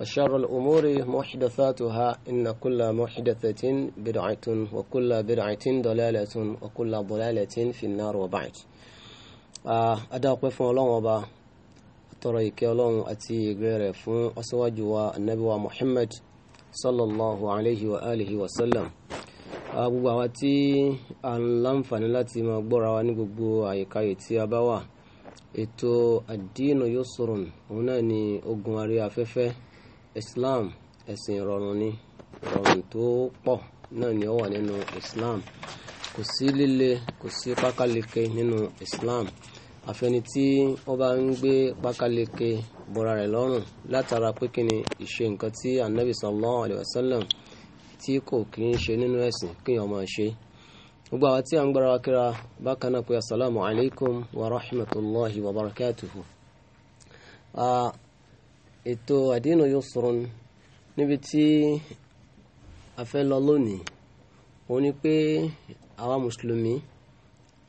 وشر الأمور محدثاتها إن كل محدثة بدعة وكل بدعة ضلالة وكل ضلالة في النار وبعد أدعوك فون الله وبا ترى الله أتي غير فون أسواج النبي محمد صلى الله عليه وآله وسلم gbogbo àwa tí a ń láǹfààní láti máa gbọ́ra wa ní gbogbo àyíkáyè tí a bá wà islam ẹ̀sìn ìrọ̀rùn ni ìrọ̀rùn tó pọ̀ náà ni ó wà nínú islam kò sí líle kò sí pákáleke nínú islam àfẹni tí ó bá ń gbé pákáleke bọ́ra rẹ̀ lọ́rùn látara pé kí ni ìṣe nǹkan tí anabi sallallahu alayhi wa sallam tí kò kí ń ṣe nínú ẹ̀sìn kí ọmọ ṣe gbogbo àwọn tí a ń gbára wa kíra bákan náà pé asalaamu alaykum wa rahmatulahi wa barakatuhu ètò àdínà yusrun níbi tí a fẹ́ lọ lónìí òun ni pé àwa mùsùlùmí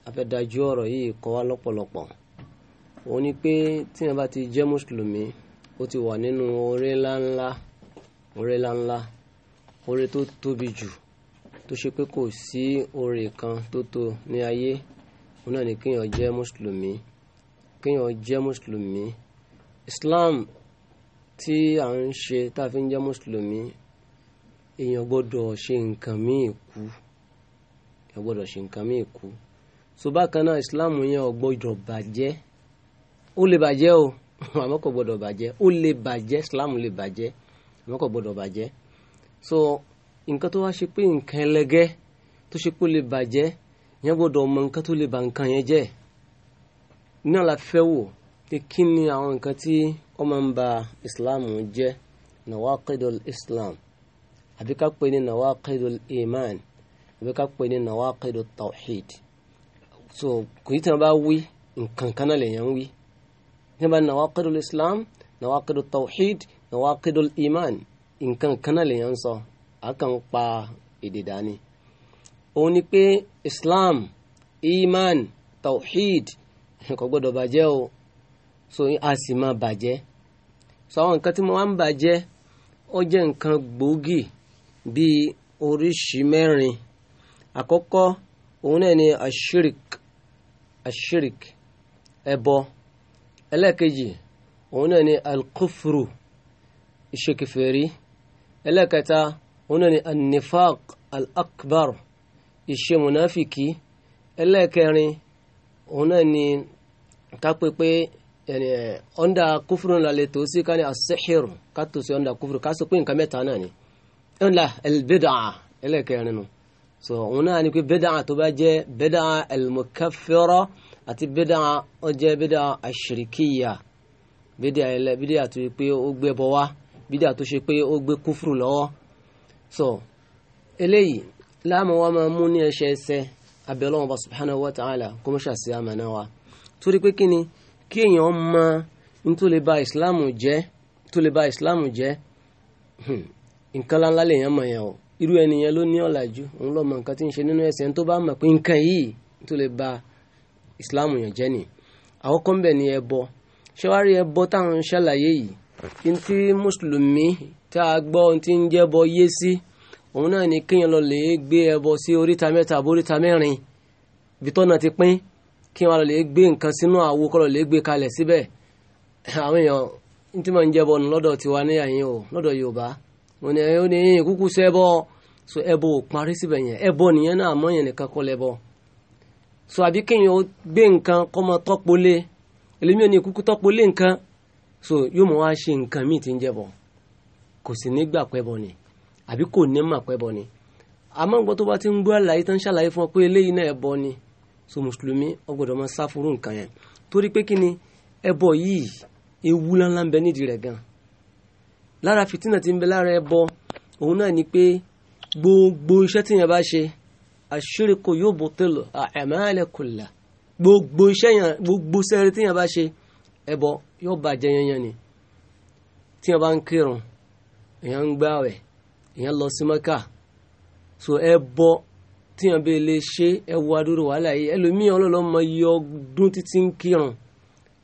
a fẹ́ dájú ọ̀rọ̀ yìí kọ́ wa lọ́pọ̀lọpọ̀ òun ni pé tí wọn bá ti jẹ́ mùsùlùmí ó ti wà nínú oore ńláńlá oore ńláńlá oore tó tóbi jù tó ṣe pé kò sí oore kan tó tó ní ayé òun náà ni kéèyàn jẹ́ mùsùlùmí kéèyàn jẹ́ mùsùlùmí Islam tí à ń ṣe tá a fi ń jẹ́ mùsùlùmí èèyàn gbọ́dọ̀ ṣe nǹkan míì kú èèyàn gbọ́dọ̀ ṣe nǹkan míì kú so bákan náà islam yẹn ò gbọ́dọ̀ bàjẹ́ ó lè bàjẹ́ o àmọ́ kò gbọ́dọ̀ bàjẹ́ ó lè bàjẹ́ islam lè bàjẹ́ àmọ́ kò gbọ́dọ̀ bàjẹ́ so nǹkan tó wá ṣe pé nǹkan ẹlẹgẹ́ tó ṣe pé ó lè bàjẹ́ yẹn gbọ́dọ̀ mọ nǹkan tó lè ba nǹkan yẹn jẹ́ náà la wò kí ni àwọn nǹkan tí. Tí ó máa ń ba islam jẹ́ nawaqidul islam àbí ká pè ní nawaqidul iman àbí ká pè ní nawaqidul tawhid so kò yìí tí wọ́n bá wí nǹkan kan náà lèèyàn wí tí wọ́n bá nawaqidul islam nawaqidul tawhid nawaqidul iman nǹkan kan náà lèèyàn sọ àkàn pa èdè dání òun ni pé islam iman tawhid kò gbọ́dọ̀ bàjẹ́ o so a sì máa bàjẹ́ sọ àwọn nǹkan tí mo wá ń bàjẹ́ ó jẹ́ nǹkan gbòógì bíi oríṣi mẹ́rin àkọ́kọ́ òun náà ni ashirik ashirik ẹbọ ẹlẹ́ẹ̀kejì òun náà ni alkufru ìṣekèfèrí ẹlẹ́ẹ̀kẹta òun náà ni anifaq alakbar ìṣe munafiki ẹlẹ́ẹ̀kẹrin òun náà ni kápẹ́pẹ́ yani onda kufuru la le to si kani asihir ka to si onda kufuru ka so pé nǹkan mẹ́ta onda el bid'a ele ke nínú so ona ni pé bid'a tó bá jẹ́ bid'a al mukaffira àti bid'a ó jẹ́ bid'a ashrikiya bid'a ele bid'a tó pé ó gbé bọ̀ wá bid'a tó ṣe pé ó gbé kufuru lọ́wọ́ so eléyìí láàmú wa máa mú ní ẹsẹ ẹsẹ abẹ́lọ́wọ́n bá subhanahu wa ta'ala kó mọ́ṣáṣí àmàna wa torí pé kí kí èèyàn mọ ní tó lè ba ìsìláàmù jẹ́ tó lè ba ìsìláàmù jẹ́ hmm, nǹkan láńlá lèèyàn mọ̀ yẹn o irú ẹni yẹn ló ní ọ̀làjú òun lọ́mọ nǹkan tí ń ṣe nínú ẹ̀sìn tó bá mọ̀ pé nǹkan yìí tó lè ba ìsìláàmù yẹn jẹ́ ni àkọ́kọ́ ńbẹ̀ ni ẹbọ ṣẹ́wárí ẹbọ táwọn ń ṣàlàyé yìí kí n tí mùsùlùmí tá a gbọ́ ohun tí ń jẹ́bọ yé sí òun náà ni kéèyàn lọ lè gbé ẹbọ sí oríta mẹ́ta àbóríta mẹ́rin ibi tọ́nà ti pín kí wọn lè gbé nǹkan sínú àwo kọ́ lè gbé kalẹ̀ síbẹ̀ àwọn èèyàn ní tí mo ń jẹ bọ́nu lọ́dọ̀ tiwa ní yín o lọ́dọ̀ Yorùbá wọn ni ó ní kúkú sẹ́bọ̀ so ẹbọ ò parí síbẹ̀ yẹn ẹbọ nìyẹn náà yẹn nìkan so àbí kéèyàn ó gbé nǹkan kọ́ mọ kúkú so yóò mọ̀ wá ṣe nǹkan míì tí ń jẹbọ kò sì ní gbà pẹ́bọ ni àbí kò ní mà ni àmọ́ tó bá ti ń gbọ́ àlàyé ṣàlàyé fún ọ pé eléyìí so mùsùlùmí ó gbọ́dọ̀ máa sá fúrú nǹkan yẹn torí pé kí ni ẹbọ yìí ewu ńláńlá ń bẹ nídìí rẹ̀ gan lára fìtínà tí ń bẹ lára ẹbọ òun náà ni pé gbogbo iṣẹ́ tí yẹn bá ṣe àṣírìkò yóò bó tẹ̀lọ̀ àmàlẹ́kùlà gbogbo iṣẹ́ yẹn gbogbo sẹ́rẹ́ tí yẹn bá ṣe ẹbọ yóò bàjẹ́ yẹn ni tí yẹn bá ń kírun èèyàn ń gbààwẹ̀ èèyàn lọ sí mẹ́kà so ẹbọ tíyan bẹ́ẹ̀ lè ṣe ẹwọ adúrò wàhálà yìí ẹlòmíyàn ọlọ́lọ́ mọ iye ọdún títí ń kírun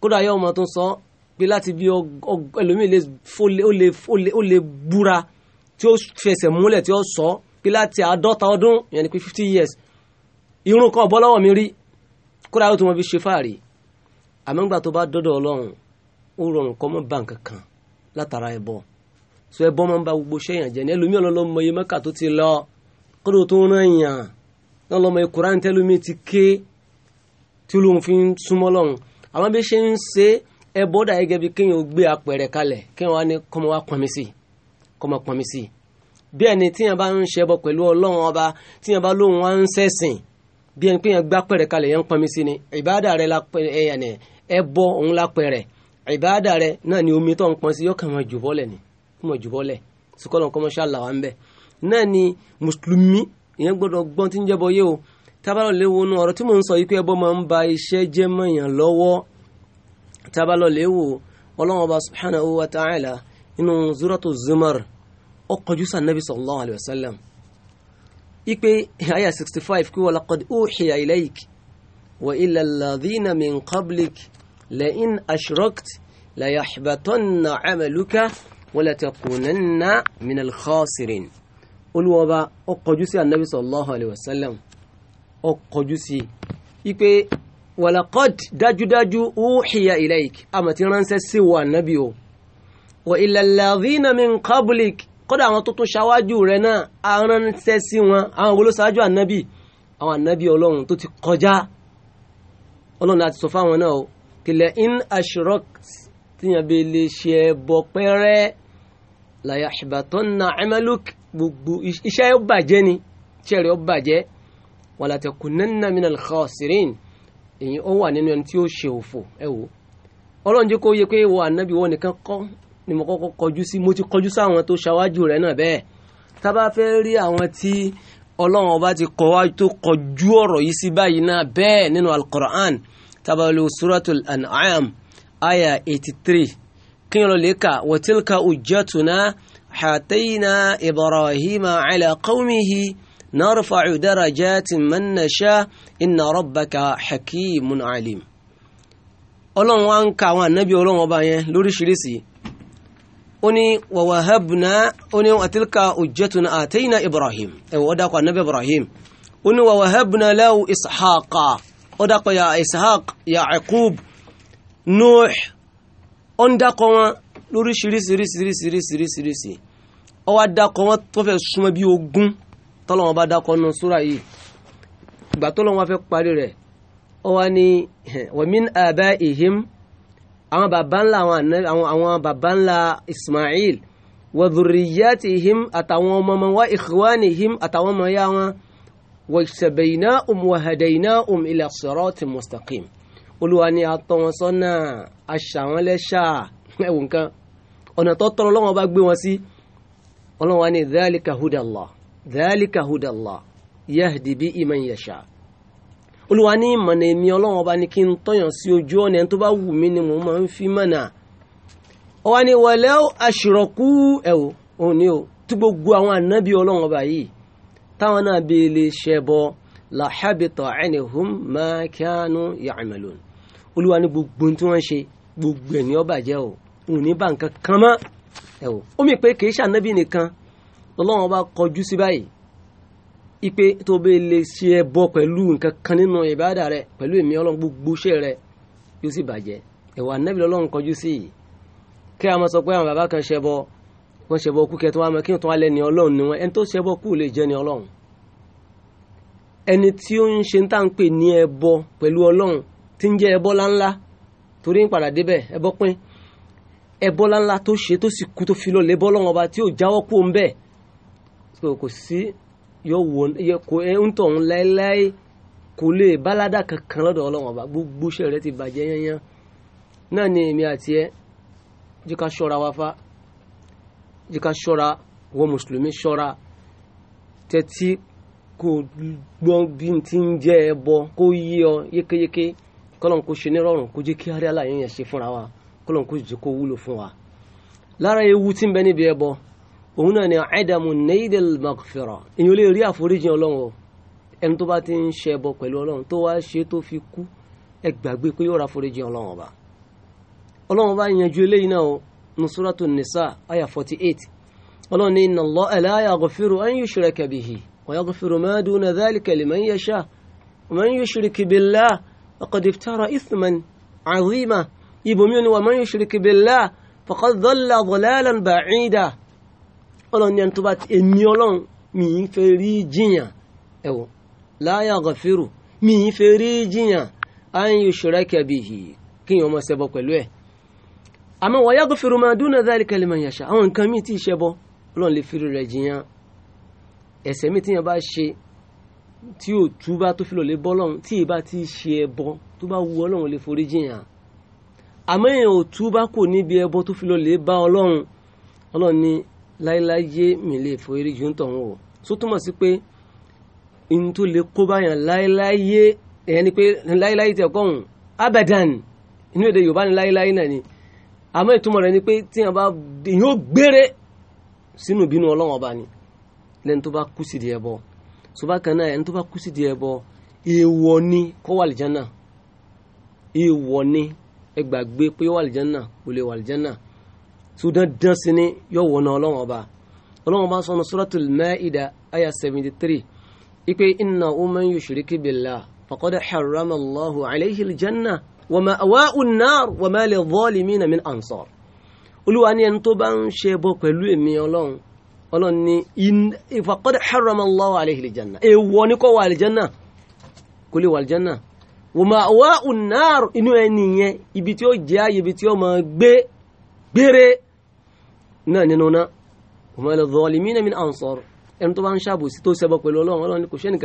kódà yóò mọ tó ń sọ pé láti bí ẹlòmíyàn ó lè búra tí ó fẹsẹ̀ múlẹ̀ tí ó sọ pé láti àádọ́ta ọdún yẹn ni pé fifty years irun kan bọ́ lọ́wọ́ mi rí kódà yóò tó mọ bí ṣe fáàrí àmọ́ngbà tó bá dọ́dọ̀ ọlọ́run ó rọrùn kọ́ mọ́ bá nǹkan kan látara ẹbọ so kódà tó ń rán èèyàn náà lọ́mọ ìkùránì tẹ́lómi ti ké tí olóhùn fi ń súnmọ́ lọ́hùn àwọn bí ṣe ń ṣe ẹ bọ́dà gẹ́gẹ́ bí kéèyàn gbé apẹ̀rẹ̀ kalẹ̀ kéèyàn wá ní kọ́mọ wá pọnmi sí kọ́mọ pọnmi sí bí ẹni tíyàn bá ń ṣẹbọ pẹ̀lú ọlọ́run ọba tíyàn bá lóhùn wá ń sẹ̀sìn bí ẹni kéèyàn gbá pẹ̀rẹ̀ kalẹ̀ yẹn ń pọnmi sí ni ìbáàdà rẹ la ẹyànẹ ẹ bọ òun la pẹ̀rẹ̀ ìbáàdà rẹ náà ni omi tó ń pọn sí yọ kàn máa jù bọ́lẹ̀ ni kó máa jù bọ́lẹ̀ sukọ́lọ́ kọ́mọṣẹ́ ń bẹ̀ náà ni mùsùlùmí ìyẹn gbọ́dọ̀ gbọ́n tí ń jẹ́bọ yé o tábàlọ́ lè wo nu ọ̀rọ̀ tí mò ń sọ yìí pé ẹbọ máa ń ba iṣẹ́ jẹ́ mọ̀yàn lọ́wọ́ tábàlọ́ lè wo ọlọ́run ọba subhanahu wa ta'ala inú zuratu zumar ó kọjú sí anabi sallallahu ipe aya sixty five kí walaqad uhiya ilayk wa ila alladhina min qablik la in ashrakt la yaxbatanna camaluka wala takunanna min alkhasirin olúwọba ó kọjú sí anabi sallallahu alayhi wa sallam ó kọjú sí ipe walaqad dájúdájú uhiya ilayk àmọ́ ti ránṣẹ́ sí wa anabi o wa ilal ladhina min qablik kódà àwọn tó tún ṣáwájú rẹ̀ náà aránṣẹ́ sí wọn àwọn olóṣáájú anabi àwọn anabi ọlọ́run tó ti kọjá ọlọ́run láti sọ fáwọn náà o kìlẹ̀ in ashrok tíyanbe lè ṣe ẹbọ pẹ́rẹ́ layaxbatonna camaluk gbogbo iṣẹ́ ó bàjẹ́ ni iṣẹ́ rẹ̀ ó bàjẹ́ walatakunanna min alkhasirin èyí ó wà nínú ẹni tí ó ṣe òfò ẹ wò ọlọ́run jẹ́ kó yẹ pé ìwọ ànábì wọn nìkan kọ́ ni mo kọ́kọ́ kọjú sí mo ti kọjú sáwọn tó ṣáwájú rẹ̀ náà bẹ́ẹ̀ tá a bá fẹ́ rí àwọn tí ọlọ́run ọba ti kọ́ wájú tó kọjú ọ̀rọ̀ yìí sí báyìí náà bẹ́ẹ̀ nínú alqur'an tabalu suratul an'am aya eighty three kí ló lè kà wa tilka ujjatuna hatayna ibrahima ala qawmihi narfa'u darajatin man nasha inna rabbaka hakimun alim ọlọ́run wá ń ka àwọn ànábì ọlọ́run ọba yẹn lóríṣiríṣi ó ní wàwàhábùnà ó ní àtìlkà òjẹ́tùnà àtẹ́yìnà ibrahim ẹ̀wọ̀ ọ̀dàkọ̀ ànábì ibrahim ó ní lahu ishaqa ọ̀dàkọ̀ ya ishaq ya yaqub nuh ó ń dákọ wọn lóríṣiríṣiríṣiríṣiríṣiríṣi ó wá dákọ wọn tó fẹ́ súnmọ́ bí ogún tọ́lọ́wọ́n bá dákọ nù súra yìí ìgbà tọ́lọ́wọ́n wá fẹ́ parí rẹ̀ ó wá ní wa min abaihim àwọn baba ńlá àwọn baba ńlá Ismail wa dhurriyatihim àtàwọn ọmọ ọmọ wa ikhwanihim àtàwọn ọmọ ya wọn wa sabbaynahum wa hadaynahum ila sirati mustaqim olúwa ni atọ́ wọn sọ́nà aṣà wọn lẹ́ṣà ẹ̀wù nǹkan ọ̀nà tó tọrọ lọ́wọ́ bá gbé wọn sí ọlọ́wọ́ wa ni dhalika hudallah dhalika hudallah yahdi bi iman yasha olúwa ní ìmọ̀nà èmi ọlọ́wọ́ bá ní kí n tọ́yàn sí ojú ọ̀nà ẹni tó bá wù mí ni mo máa ń fi mọ̀nà ọwọ́ wọlé aṣùrọ̀kú ẹ̀wò òun o tí gbogbo àwọn ànábì ọlọ́wọ́ bá yìí táwọn náà bèèlè ṣẹbọ làhábìtọ̀ ẹni hùm máa kíánú olúwa ní gbogbo tí wọ́n ṣe gbogbo ẹ̀ ní ó bàjẹ́ o òun ní bá nǹkan kan mọ́ ẹ wò ó mi pé kì í ṣànábì nìkan lọ́lọ́run bá kọjú sí báyìí ipe tó bẹ lè ṣe ẹ bọ pẹ̀lú nǹkan kan nínú ìbáàdà rẹ pẹ̀lú èmi ọlọ́run gbogbo iṣẹ́ rẹ yóò sì bàjẹ́ ẹ̀wọ̀ ànábì lọ́lọ́run kọjú sí yìí kí a máa sọ pé àwọn bàbá kan ṣe bọ wọ́n ṣe bọ kú kẹ́ tó mọ kí wọ́n tó wá lẹ́ni ọlọ́run ni wọ́n ẹni tó ṣe bọ kú lè jẹ́ ni ọlọ́run ẹni tí ó ń ṣe ń tà ń pè ní ẹbọ pẹ̀lú ọlọ́run tí ń jẹ́ ẹbọ láńlá torí ń padà débẹ̀ ẹbọ pín ẹbọ láńlá tó ṣe tó sì kú tó fi lọ lébọ́ lọ́wọ́ ọba tí ò jáwọ́ kú ń bẹ̀ kò sí yọ wò kò ń tọ̀ ń láéláé kò lè báládà kankan lọ́dọ̀ ọlọ́wọ́ ọba gbogbo iṣẹ́ rẹ ti bàjẹ́ yányán náà ni èmi àti ẹ jẹ́ ṣọ́ra wa fa jẹ́ ká ṣọ́ra wọ mùsùlùmí ṣọ́ra tẹ́tí kò gbọ́n bí ti ń jẹ́ ẹbọ kó yí ọ yékéyéké kọ́lọ́n kó ṣe nírọ̀rùn kó jẹ́ kí arí àlàyé yẹn ṣe fúnra wa kọ́lọ́n kó jẹ́ kó wúlò fún wa. lára ewu tí ń bẹ níbi ẹbọ òun náà ni ẹ̀dàmù neidel magfira èyàn lè rí àforíjì ọlọ́run o ẹni tó bá ti ń ṣe ẹbọ pẹ̀lú ọlọ́run tó wá ṣe tó fi kú ẹ gbàgbé pé yóò ra àforíjì ọlọ́run ọba ọlọ́run ọba yanjú eléyìí náà o nusuratu nisa aya forty eight ọlọ́run ní inna Allaha la yaghfiru an yushraka وقد افترى إثما عظيما يبومين ومن يشرك بالله فقد ظل ضلالا بعيدا ọlọ́run ni ẹni tó bá ti èmi ọlọ́run mi ń fẹ́ rí jiyàn ẹ̀wọ̀ láyà gọ̀fẹ́rù mi ń fẹ́ rí jiyàn á ń yọ ṣọ́ra kẹbi yìí kí n ọmọ ṣẹbọ pẹ̀lú ẹ̀ àmọ́ wọ́n yá máa dúnà dáàlì kẹlẹ́ máa àwọn nǹkan mi ti ṣẹbọ ọlọ́run lè fi rẹ̀ jiyàn ẹ̀ṣẹ̀ mi ti yàn bá ṣe tí tu túbá tó fi lọ lè bọ́ lọ́run tí ìbá ti ṣe ẹbọ tó bá wu ọlọ́run lè forí jìyàn àmọ́ èèyàn ò túbá kò níbi ẹbọ tó fi lọ lè bá ọlọ́run ọlọ́run ní láéláyé mi lè forí jù ń tọ̀hún o tó túmọ̀ sí pé n tó lè kó báyàn láéláyé èèyàn ni pé láéláyé tẹ̀ kọ́ ọ̀hún abadan inú èdè yorùbá ni láéláyé náà ni àmọ́ ìtumọ̀ rẹ̀ ni pé tí yàn bá yóò gbére sínú ìbínú ọlọ́run ọba ni lẹ́ni tó bá kú sídìí ẹbọ ṣùgbọ́n kan náà ẹni tó bá kú sídìí ẹbọ èèwọ̀ ni kó wà lìjánà èèwọ̀ ni ẹ gbàgbé pé wà lìjánà kò lè wà lìjánà tó dandan sí ni yọ wọ náà ọlọ́wọ́n ọba ọlọ́wọ́n bá sọnù suratul Maida aya seventy three ipe inna man yushrik billah faqad harrama Allahu alayhi aljanna wa ma'wahu an-nar wa ma lil-zalimina min ansar olúwa ni ẹni tó bá ń ṣe bọ pẹ̀lú èmi ọlọ́run ọlọ́run ní faqad harrama Allahu alayhi al-janna èèwọ̀ ní kọ́ wà àlìjánà kò lè wà àlìjánà wa ma'wa'u an-nar inú ẹni yẹn ibi tí ó jẹ́ ààyè ibi tí ó máa gbé gbére náà nínú náà wa ma lil-zalimina min ansar ẹni tó bá ń ṣàbòsí tó ṣẹbọ pẹ̀lú ọlọ́run ọlọ́run ní kò sẹ́ni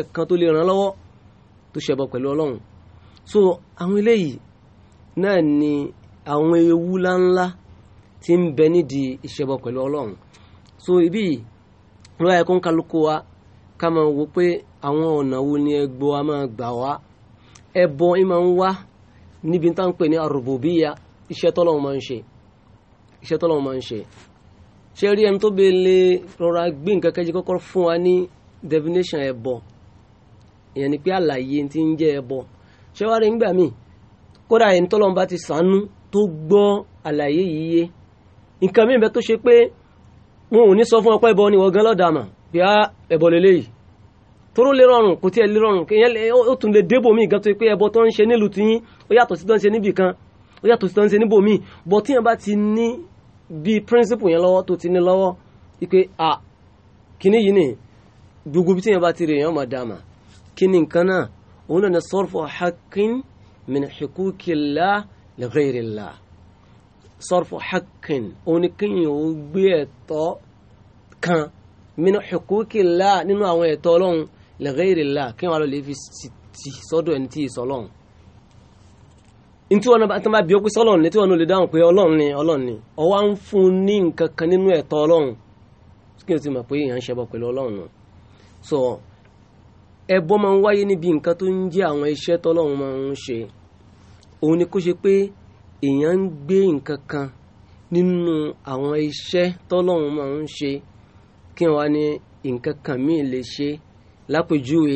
so ibi ló yẹ kó ń kálukú wa ká máa wo pé àwọn ọ̀nà wo ni ẹgbọ́ a máa gbà wá ẹbọ ẹ máa ń wá níbi tá à ń pè ní àrùbùbíyà iṣẹ́ máa ṣe iṣẹ́ máa rí ẹni tó bẹ lè rọra gbé nǹkan kẹjẹ kọ́kọ́ fún wa ní definition ẹbọ ìyẹn ni pé àlàyé ti ń jẹ ẹbọ ṣé wàá rí nígbà míì kódà ẹni bá ti sànú tó gbọ́ àlàyé yìí yé nǹkan wọn ò ní sọ fún ọpẹ́ ẹbọ ni wọ́n gan lọ́dàmà bí a ah, ẹbọ lélẹ́ yìí tóró lè rọrùn kò tiẹ̀ lè rọrùn kéèyàn ó tún lè débò míì gan tó pé ẹbọ tó ń ṣe nílùú tiyín ó yàtọ̀ sí tó ń ṣe níbì kan ó yàtọ̀ sí tó ń ṣe níbò míì bọ̀ tíyẹn bá ti ní bíi píríncípù yẹn lọ́wọ́ tó ti ní lọ́wọ́ wípé a kíní yìí ni gbogbo bí tíyẹn bá ti rè yẹn máa dàmà kíní nǹkan náà òun náà ní sarfu haqqin min huquqillah li ghayrillah sọ́rọ̀fù hakin oníkéyìn ó gbé ẹ̀tọ́ kan min huquqillah nínú àwọn ẹ̀tọ́ ọlọ́run li ghayrillah kí wọ́n lọ lè fi ti sọ́dọ̀ ẹni tí ì sọ lọ́run ntí wọn bá tán bá bí ó pé sọ́lọ́run ní tí wọn lè dáhùn pé ọlọ́run ni ọlọ́run ni ọwọ́ à ń fún ní nǹkan kan nínú ẹ̀tọ́ ọlọ́run kí n sì mọ̀ pé èèyàn ń ṣẹbọ pẹ̀lú ọlọ́run nù so ẹbọ máa ń wáyé níbi nǹkan tó ń jẹ́ àwọn iṣẹ́ tọ́lọ́run máa ń ṣe òun ni kó ṣe pé èèyàn ń gbé nǹkan kan nínú àwọn iṣẹ́ tọ́lọ́run máa ń ṣe kí wọ́n ní nǹkan kan míì lè ṣe lápèjúwe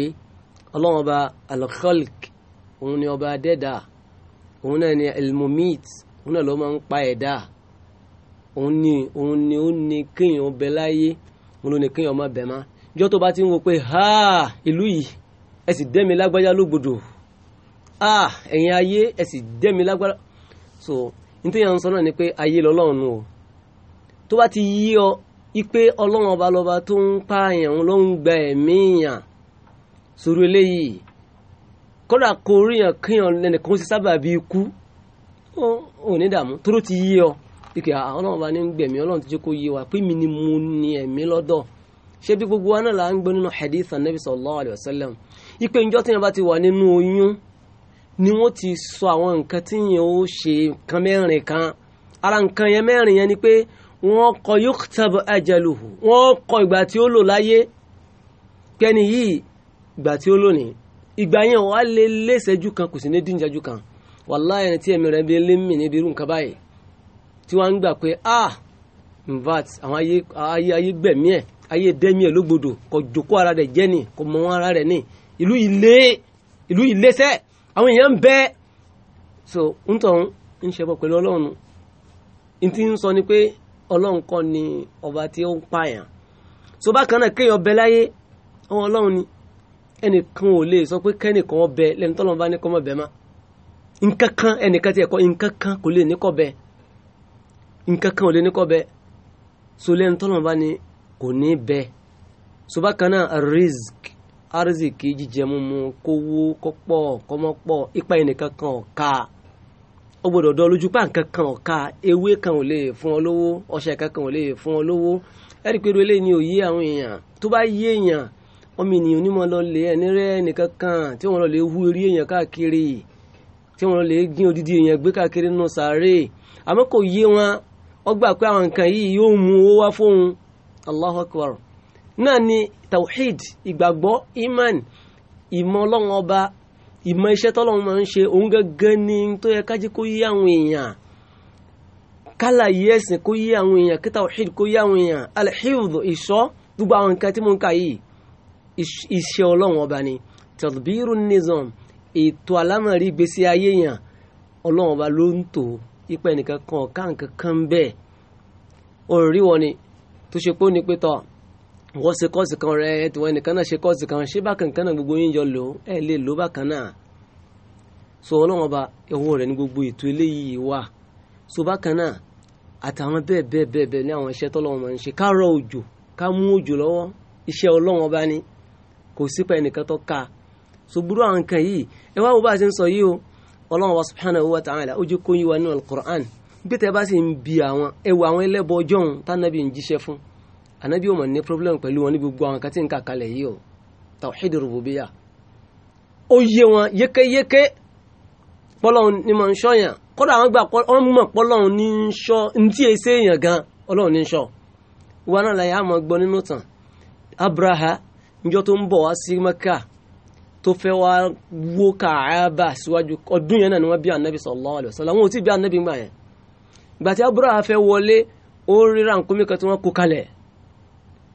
ọlọ́run ọba alkhalq òun ni ọba adẹ́dà òun náà ni elmomit òun náà ló máa ń pa ẹ̀dá òun ni òun ni ó ní kéèyàn bẹ láyé òun ló ní kéèyàn ọmọ bẹ má jọ́ tó bá ti ń wo pé ha ìlú yìí ẹ sì dẹ́mi lágbájá lógbòdò ah ẹ̀yin ayé ẹ sì dẹ́mi lágbájá so nítorí àwọn sọ náà ni pé ayé lọ́lọ́run o tó bá ti yí ọ ipe ọlọ́run ọba lọ́ba tó ń pààyàn ló ń gba ẹ̀mí yàn sórí eléyìí kódà kó ríyàn kíyàn lẹ́nìkan ó sì sábà bí ikú ó ní dààmú tóró ti yí ọ ike ọlọ́run ọba ní ń gbẹ̀mí ọlọ́run ti jẹ́ kó yé wa pé mi ni mo ní ẹ̀mí lọ́dọ̀ ṣé bí gbogbo wa náà là ń gbọ́ nínú hadith anabi sallallahu alayhi wa sallam ipe njọ́ tí yẹn bá ti wà nínú oyún ni wọ́n ti sọ àwọn nǹkan tí yẹn ó ṣe nǹkan mẹ́rin kan ara nǹkan yẹn mẹ́rin yẹn ni pé wọ́n kọ yuktab ajaluhu wọ́n kọ ìgbà tí ó lò láyé pẹ́ni yìí ìgbà tí ó lò ní ìgbà yẹn wà lé léṣẹ́jú kan kò sí ní díjájú kan wallahi ẹni tí ẹ̀mí rẹ̀ bí lé mì níbi irú nǹkan báyìí tí wọ́n ń gbà pé ah nvat àwọn ayé ayé gbẹ̀mí ẹ̀ ayé dẹ́mí ẹ̀ lógbodò kò jòkó ara rẹ̀ jẹ́ ni kò mọ wọn ara rẹ̀ ni ìlú ilé ìlú ilé sẹ́ẹ̀ àwọn èèyàn ń bẹ́ so ń tọ̀ ń ṣe bọ̀ pẹ̀lú ọlọ́run n ti ń sọ ni pé ọlọ́run kọ́ ni ọba tí ó ń pààyàn so bákan náà kéèyàn bẹ láyé ọmọ ọlọ́run ni ẹnìkan ò lè sọ pé kẹ́nìkan ọbẹ̀ lẹ́nu tọ́lọ́run bá ní kọ́ mọ̀ bẹ́ẹ̀ má nkankan ẹnìkan ti ẹ̀kọ́ nkankan kò lè ní kọ́ bẹ́ẹ̀ nkankan ò lè ní kọ́ bẹ́ẹ̀ so lẹ́nu tọ́lọ́run bá ní kò ní bẹ́ẹ̀ so bákan náà risk arziki jíjẹ mímu kówó kọ́pọ̀ kọ́mọ́pọ̀ ipa ẹnìkan kan ɔka, ó gbọ́dọ̀ dán lójú pa nǹkan kan ọ̀ka ewé kan ò lè fún ọ lówó kan kankan ò lè fún ọ lówó ẹ̀rí pé eléyìí ni òye àwọn èèyàn tó bá yé èèyàn ọmọ ènìyàn onímọ̀ lọ lè ẹni nìkan kan tí lọ lè hu orí èèyàn káàkiri tí wọ́n lọ lè gín odidi èèyàn gbé káàkiri Akbar náà ni tawhid ìgbàgbọ́ iman ìmọ̀ ọlọ́run ọba ìmọ̀ iṣẹ́ tọ́lọ́run máa ń ṣe òun gẹ́gẹ́ ni tó yẹ kájí kó yí àwọn èèyàn kálà yí ẹ̀sìn kó yí àwọn èèyàn kí tawhid kó yí àwọn èèyàn alhifd ìṣọ́ gbogbo àwọn nǹkan tí mo ń kà yìí iṣẹ́ ọlọ́run ọba ni tadbiru nizam ètò alámọ̀rí ìgbésí ayé yàn ọlọ́run ọba ló ń tò ipa ẹnìkan kan ọ̀ká nǹkan kan bẹ́ẹ̀ òrìrí wọn ni tó ṣe pé ó ní pé wọ́n ṣe kọ́ọ̀sì kan rẹ ẹ tiwọn ẹnìkan náà ṣe kọ́ọ̀sì kan ṣé bákan kan náà gbogbo yín jọ lò ẹ lè lò bákan náà so ọlọ́wọ́n ba ẹ̀wọ̀n rẹ̀ ní gbogbo ètò eléyìí wà so bákan náà àtàwọn bẹ́ẹ̀ bẹ́ẹ̀ bẹ́ẹ̀ bẹ́ẹ̀ ní àwọn iṣẹ́ tọ́lọ́wọ́n máa ń ṣe ká rọ òjò ká mú òjò lọ́wọ́ iṣẹ́ ọlọ́wọ́n bá ní kò sí pa ẹnìkan tó ka so burú àwọn nǹkan yìí ẹ wá wo bá a ṣe ń sọ yìí o ọlọ́wọ́n wa subhanahu wa ta'ala ó jẹ́ kó wa nínú al gbé tẹ́ bá sì ń bi àwọn ẹ̀wọ̀ àwọn ẹlẹ́bọ ọjọ́ òun tánàbí ń jíṣẹ́ fún anabi ọmọ ní problem pẹ̀lú wọn ní gbogbo àwọn kan tí ń kà kalẹ̀ yìí o tawhid rububiya ó yé wọn yékéyéké pọ́lọ́hún ni mo ń ṣọ́ kọ́dọ̀ àwọn gbà wọ́n mọ̀ pọ́lọ́hún ní ń ntí èsè èèyàn gan ọlọ́hún ní ń wọn náà láyà á gbọ́ nínú tàn abraha njọ́ tó ń bọ̀ wá sí mẹ́kà tó fẹ́ wá wó kàába síwájú ọdún yẹn náà ni wọ́n bí anabi sallallahu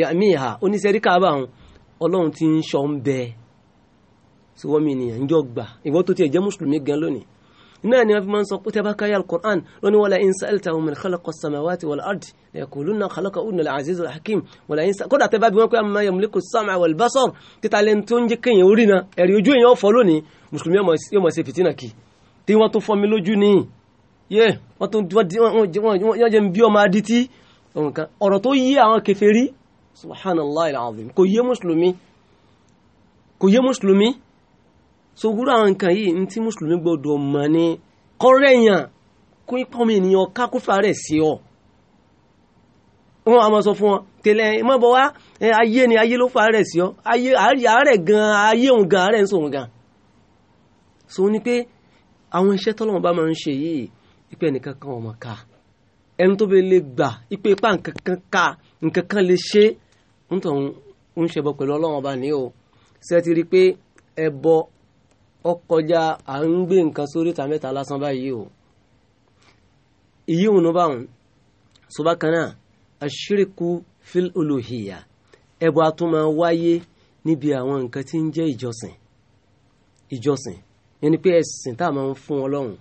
yàmíhà oníṣẹ́rí káàbà ń ọlọ́run ti ń sọ ń bẹ sọwọ́ mi nìyẹn ń jọ gbà ìwọ tó tiẹ̀ jẹ́ mùsùlùmí gan lónìí náà ni wọ́n fi máa ń sọ pé tẹ́ bá káyà alukur'an lónìí wala in sa'altahum min khalaqa as-samawati wal ard yaquluna khalaqahunna al-aziz al-hakim wala in sa kódà tẹ́ bá bí wọ́n pé amma yamliku as-sam'a wal basar títa lẹ́nu tó ń jẹ́ kéèyàn orí na ẹ̀rí ojú èèyàn ọ̀fọ́ lónìí mùsùlùmí yóò máa ṣe fìtínà kì tí wọ́n tó fọ́ mi ọ̀rọ̀ tó yí àwọn kèfèrí subhanallah alazim kò yé mùsùlùmí kò yé mùsùlùmí so gúrú àwọn nǹkan yìí ní tí mùsùlùmí gbọdọ̀ mọ̀ ní kọ́rẹ́yàn kó ipa ọmọ ènìyàn ká kó fà rẹ̀ sí ọ wọn a máa sọ fún wọn tẹ́lẹ̀ mọ́ bọ̀ wá ayé ni ayé ló fà sí ọ ayé àárẹ̀ gan ayé òun gan àárẹ̀ ń sòun gan so ní pé àwọn iṣẹ́ tọ́lọ́wọ́n bá máa ń ṣe yìí ipe ẹnìkan kan ọmọ ká ẹni tó bẹ lè gbà ipe ipa nǹkan ká nǹkan lè ṣe é ń tàn ń ṣẹbọ pẹ̀lú ọlọ́run ọba ní o ṣe ti rí i pé ẹbọ ọkọjá à ń gbé nǹkan sórí ìta mẹ́ta lásán báyìí o ìyí òun bá òun ṣùgbọ́n bákan náà àṣírìkú fil olùhìyà ẹbọ a wáyé níbi àwọn nǹkan tí ń jẹ́ ìjọsìn ìjọsìn yẹn ni pé ẹ̀sìn tá a máa ń fún ọlọ́run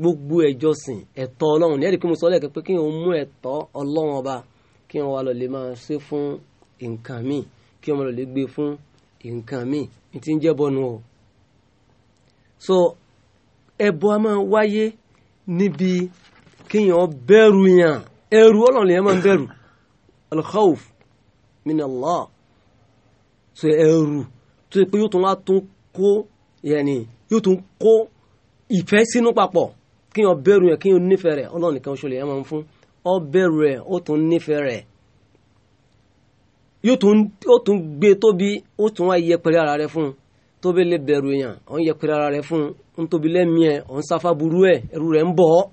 gbogbo ẹ̀jọsìn ẹ̀tọ́ ọlọ́run ní ẹ̀rí kí mo sọ lẹ́ẹ̀kẹ́ pé kí n mú ẹ̀tọ́ ọlọ́run ọba kí n wà lọ lè máa ṣe fún nǹkan míì kí ọmọ lọ lè gbé fún nǹkan míì ti ń jẹ́ bọ́nu o. so ẹbọ a máa wáyé níbi kéèyàn bẹ̀rù yàn ẹrù ọlọ́run lèèyàn máa ń bẹ̀rù alkhawf min Allah so ẹrù tó yẹ pé yóò tún wá tún kó yẹni yóò tún kó ìfẹ́ sínú papọ̀ kéèyàn bẹ̀rù yàn kéèyàn nífẹ̀ẹ́ rẹ̀ ọlọ́run nìkan ṣoṣo lèèyàn máa ń fún ọ bẹ̀rù rẹ̀ ó tún nífẹ̀ẹ́ rẹ̀ yóò tún gbé tóbi ó tún wá yẹpẹrẹ ara rẹ fún un tóbi lè bẹ̀rù èèyàn ọ̀ ń yẹpẹrẹ ara rẹ fún un tóbi lẹ́mìí ẹ̀ ọ̀ ń sáfá burú ẹ̀ ẹrú rẹ̀ ń bọ̀ ọ́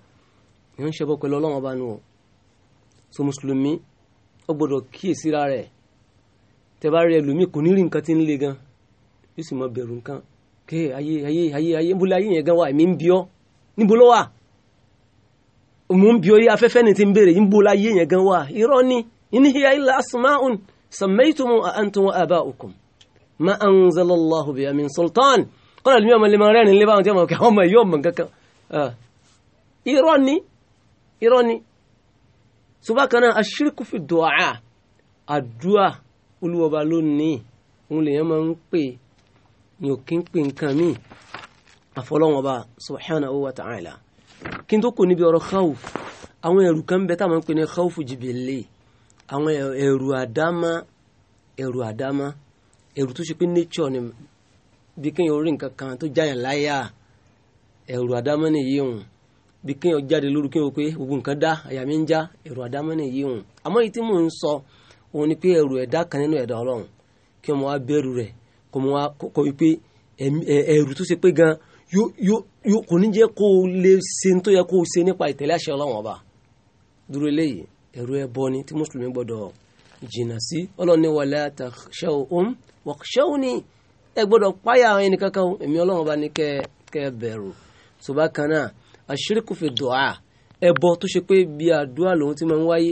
ìyẹn ń ṣẹbọ pẹ̀lú ọlọ́wọ́n bá nu ọ́ so mùsùlùmí ó gbọ́dọ̀ kíyèsíra rẹ̀ tẹ bá rí ẹlòmíì kò ní rí nǹkan tí ń le gan yóò sì mọ bẹ̀rù nǹkan ké ayé ayé ayé ayé níbo láyé yẹn gan wà èmi ń bi ọ́ níbo ló wà mò ń bi ọ́ yé afẹ́fẹ́ ni ti ń béèrè níbo láyé yẹn gan wà irọ́ ni ìníhìyà ilà asùnmáhùn سميتم أنتم وآباؤكم ما أنزل الله بها من سلطان قال اليوم اللي مارين اللي بقى جمعوا كهم يوم من كك آه. إيراني إيراني سبحانه أشرك في الدعاء الدعاء olúwọbalónìí òun lèèyàn máa ń pè ní òkè ń pè nǹkan míì àfọlọ́wọn ọba subhanahu wa ta'ala kí n tó kò níbi ọ̀rọ̀ khawf àwọn ẹ̀rù kan bẹ táwọn ń pè ní khawfu jìbìlì àwọn ẹ̀rù àdámọ́ ẹ̀rù àdámọ́ ẹ̀rù tó ṣe pé nature ni bí kéèyàn orí nǹkan kan tó jáyà láyà ẹ̀rù àdámọ́ nìyí òun bí kéèyàn jáde lóru kéèyàn pé gbogbo nǹkan dá àyà mi ń já ẹ̀rù àdámọ́ nìyí òun àmọ́ èyí mò ń sọ òun ni pé ẹ̀rù ẹ̀dá kan nínú ẹ̀dá ọlọ́run kí wọ́n wá bẹ̀rù rẹ̀ kó wọ́n wá kọ́ tó ṣe pé gan ṣe tó yẹ kó o ṣe nípa ìtẹ̀lé àṣẹ ẹ̀rú ẹbọ ni tí mùsùlùmí gbọ́dọ̀ jìnnà sí ọlọ́run ní wala takhshawhum wakhshawni ẹ gbọ́dọ̀ páyà àwọn ẹni kankan èmi ọlọ́run bá ní kẹ́ ẹ bẹ̀rù tó bá kan náà ashirku fi du'a ẹbọ tó ṣe pé bí àdúrà lòun ti máa ń wáyé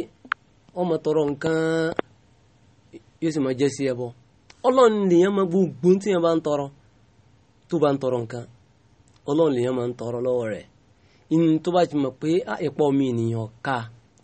wọ́n máa tọrọ nǹkan yóò sì máa jẹ́ sí ẹbọ ọlọ́run nìyẹn máa gbogbo tí yẹn bá ń tọrọ tó bá ń tọrọ nǹkan ọlọ́run nìyẹn máa ń tọrọ lọ́wọ́ rẹ̀ ìní tó bá ti mọ̀ pé ah, ẹ̀pọ̀ mi ènìyàn ká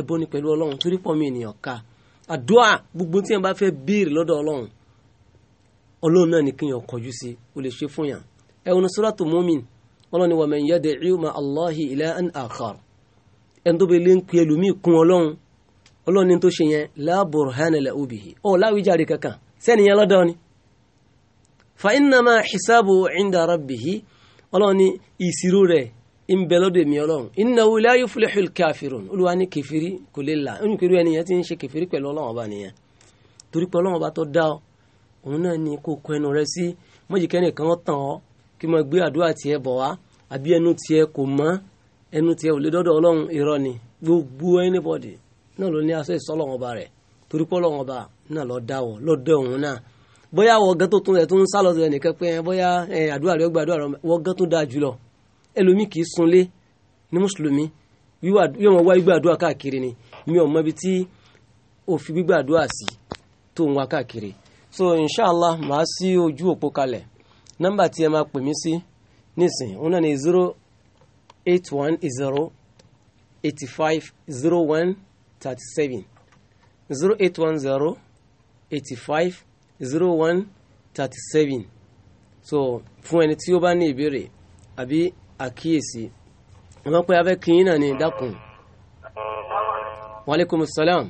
ẹbọ ni pẹ̀lú ọlọ́run torí pọ̀ mi ènìyàn ká àdúrà gbogbo tí yẹn bá fẹ́ béèrè lọ́dọ̀ ọlọ́run ọlọ́run náà ni kéèyàn kọjú sí o lè ṣe fún yàn ẹ̀wọ̀n suratu mumin ọlọ́run ni wa man yad'u ma'a Allahi ilahan akhar ẹni tó bẹ lé ń pe ẹlòmíì kún ọlọ́run ọlọ́run ni tó ṣe yẹn la burhana lahu bihi ọ̀ láwíjàre kankan sẹ́ni yẹn lọ́dọ̀ ni fa innama hisabu inda rabbihi ọlọ́run ni ìṣirò rẹ̀ ń bẹ lọ́dọ̀ èmi ọlọ́run innahu la yuflihul kafirun olúwa ní kẹfìrí kò lè là ó ní kẹrù ẹnìyẹn ti ń dao kẹfìrí pẹ̀lú ọlọ́run ọba nìyẹn torí pé ọlọ́run ọba tó dá ọ òun náà ni kò kọ ẹnu rẹ sí mọ́jìkẹ́ nìkan tàn ọ́ kí mo gbé àdúrà tiẹ̀ bọ̀ wá àbí ẹnu tiẹ̀ kò mọ́ ẹnu tiẹ̀ ò lè dọ́dọ̀ ọlọ́run irọ́ ni gbogbo anybody náà ló ní aṣọ ìsọlọ́run ọba rẹ̀ torí pé ọlọ́run ọba náà ló dá ọ lọ́dọ̀ òun náà bóyá wọ́gán tó tún rẹ̀ tó ń sálọ̀ rẹ̀ nìkan pé bóyá àdúrà rẹ̀ gbàdúrà rẹ̀ wọ́gán ẹlòmíì kì í sunlé ní mùsùlùmí yóò máa wá gbígbàdúrà káàkiri ni mi ò mọ ibi tí o fi gbígbàdúrà sí tó ń wá káàkiri so inshàlá màá sí ojú òpó kalẹ̀ nọ́mbà tí ẹ máa pè mí sí nísìnyí òun náà ni zero eight one zero eighty five zero one thirty seven zero eight one zero eighty five zero one thirty seven so fún ẹni tí ó bá ní ìbéèrè àbí àkíyèsí wọ́n pé abẹ́ kìín náà ní dákun wàlékùm salam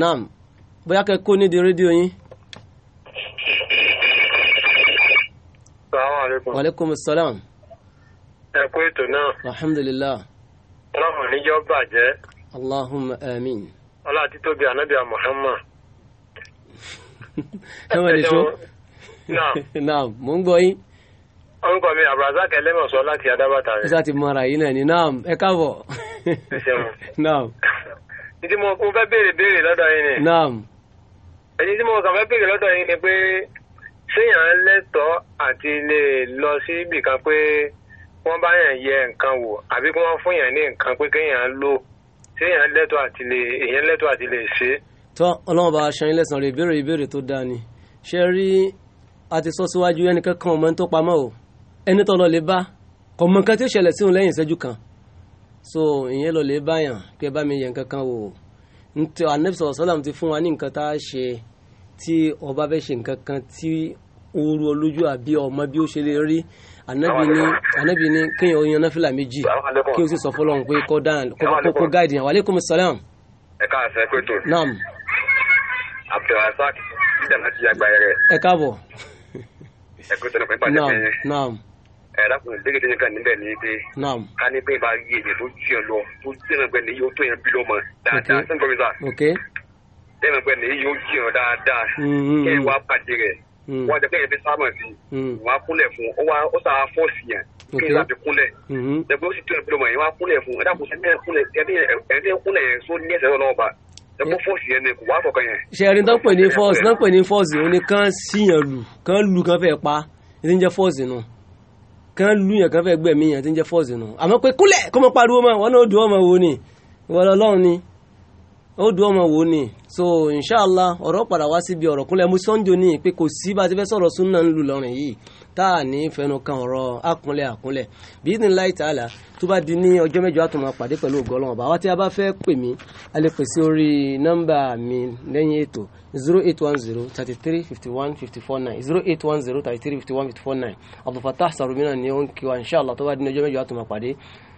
naam bóyá kẹ́kọ́ nídìí rédíò yín. wàlékùm salam. ẹ kú ètò náà. alhamdulilah. ọlọ́run níjọ́ bàjẹ́. allahumma amin. ọlá àti tóbi anabi muhammad. ẹ wọ́n lè naam mo ń gbọ́ yín. orúkọ mi abdulrasaq ẹlẹ́mọ̀sọ láti adábàtà rẹ̀. ṣáà ti mọra yìí náà ni naam ẹ káàbọ̀. naam. ní mo mo fẹ́ béèrè béèrè lọ́dọ̀ yín ni. naam. ẹni tí mo kàn fẹ́ béèrè lọ́dọ̀ yín ni pé séèyàn lẹ́tọ̀ọ́ àti lè lọ sí ibì kan pé wọ́n bá yàn yẹ nǹkan wò àbí kí wọ́n fún yàn ní nǹkan pé kéèyàn lò séèyàn lẹ́tọ̀ọ́ àti lè èèyàn lẹ́tọ̀ọ́ àti lè ṣe. tọ́ ọlọ́run bá aṣọ yín lẹ́sàn-án rẹ̀ ìbéèrè ìbéèrè tó dáa ni ṣe rí a ti sọ síwájú ẹnìkan kan ọmọ tó pamọ́ o ẹni tó lọ lè bá kò mọ nǹkan tí ó ṣẹlẹ̀ sí òun lẹ́yìn ìṣẹ́jú kan so ìyẹn lọ lè báyàn kí ẹ bá mi yẹ nǹkan kan wò ntẹ anabi sọlọ sọlọm ti fún wa ní nǹkan tá a ṣe tí ọba fẹ́ ṣe nǹkan kan tí ooru olójú àbí ọmọ bí ó ṣe lè rí anabi ni anabi ni kéèyàn oyin anáfìlà méjì kí o sì sọ fọlọ́run pé kọ́ dáhùn kó kó gáàdì yẹn wàlẹ́kùn ẹ káàbọ̀ ẹgbẹ́ tó ní pẹ́ pàdé bẹ́ẹ̀ ẹ̀rá kun dege dege ka nin bɛ nin de. naam kani bɛɛ b'a ye nin to diɲɛ lɔ to diɲɛ bɛ nin y'o to yen bilon ma. daadaa sɛn kɔmi sa. ok dɛmɛ bɛ nin y'o diɲɛ daadaa. k'e wa ba dege. wa jɛ k'e bɛ s'a ma bi. wa kunlɛ fun o wa o t'a fɔ siɲɛ. ok k'e y'a bɛ kunlɛ. dɛmɛ o si to yen bilon ma i wa kunlɛ fun ɛrɛ kun sɛn kunlɛ ɛrɛ kunlɛ so ɲɛsɛ yɔrɔ ẹgbọ́n fọ́ọ̀sì yẹn ni kò wá sọ̀kan yẹn. sẹ́ẹ̀rì tán pè ní fọ́ọ̀sì tán pè ní fọ́ọ̀sì ó ní kán síyàn lù kán lù kán fẹ́ pa ẹ̀ ti ń jẹ́ fọ́ọ̀sì nù kán lù yàn kán fẹ́ gbẹ̀mí yàn ti ń jẹ́ fọ́ọ̀sì nù àmọ́ pé kúlẹ̀ kó mọ pariwo mọ́ wọn náà dùn ọmọ wo ni ìwọ lọ́lọ́run ni ó dùn ọmọ wò ni so inshallah ọ̀rọ̀ padà wá síbi ọ̀rọ̀ kúnlẹ̀ mú sọ́njọ́ ní pé kò sí bá a ti fẹ́ sọ̀rọ̀ súnà ń lù lọ́rìn yìí tá a ní fẹnu kan ọ̀rọ̀ akúnlẹ̀ akúnlẹ̀ bíyìn láì tààlà tó bá di ní ọjọ́ mẹ́jọ á máa pàdé pẹ̀lú ògo Ọlọ́run ọba àwa tí a bá fẹ́ pè mí a lè pè orí nọ́mbà mi lẹ́yìn ètò zero eight one zero thirty three fifty one fifty four nine zero eight one zero thirty three fifty one fifty four nine Abdulfatah Sarumina ni ó ń kí wa inshallah tó bá di ní ọjọ́ mẹ́jọ á máa pàdé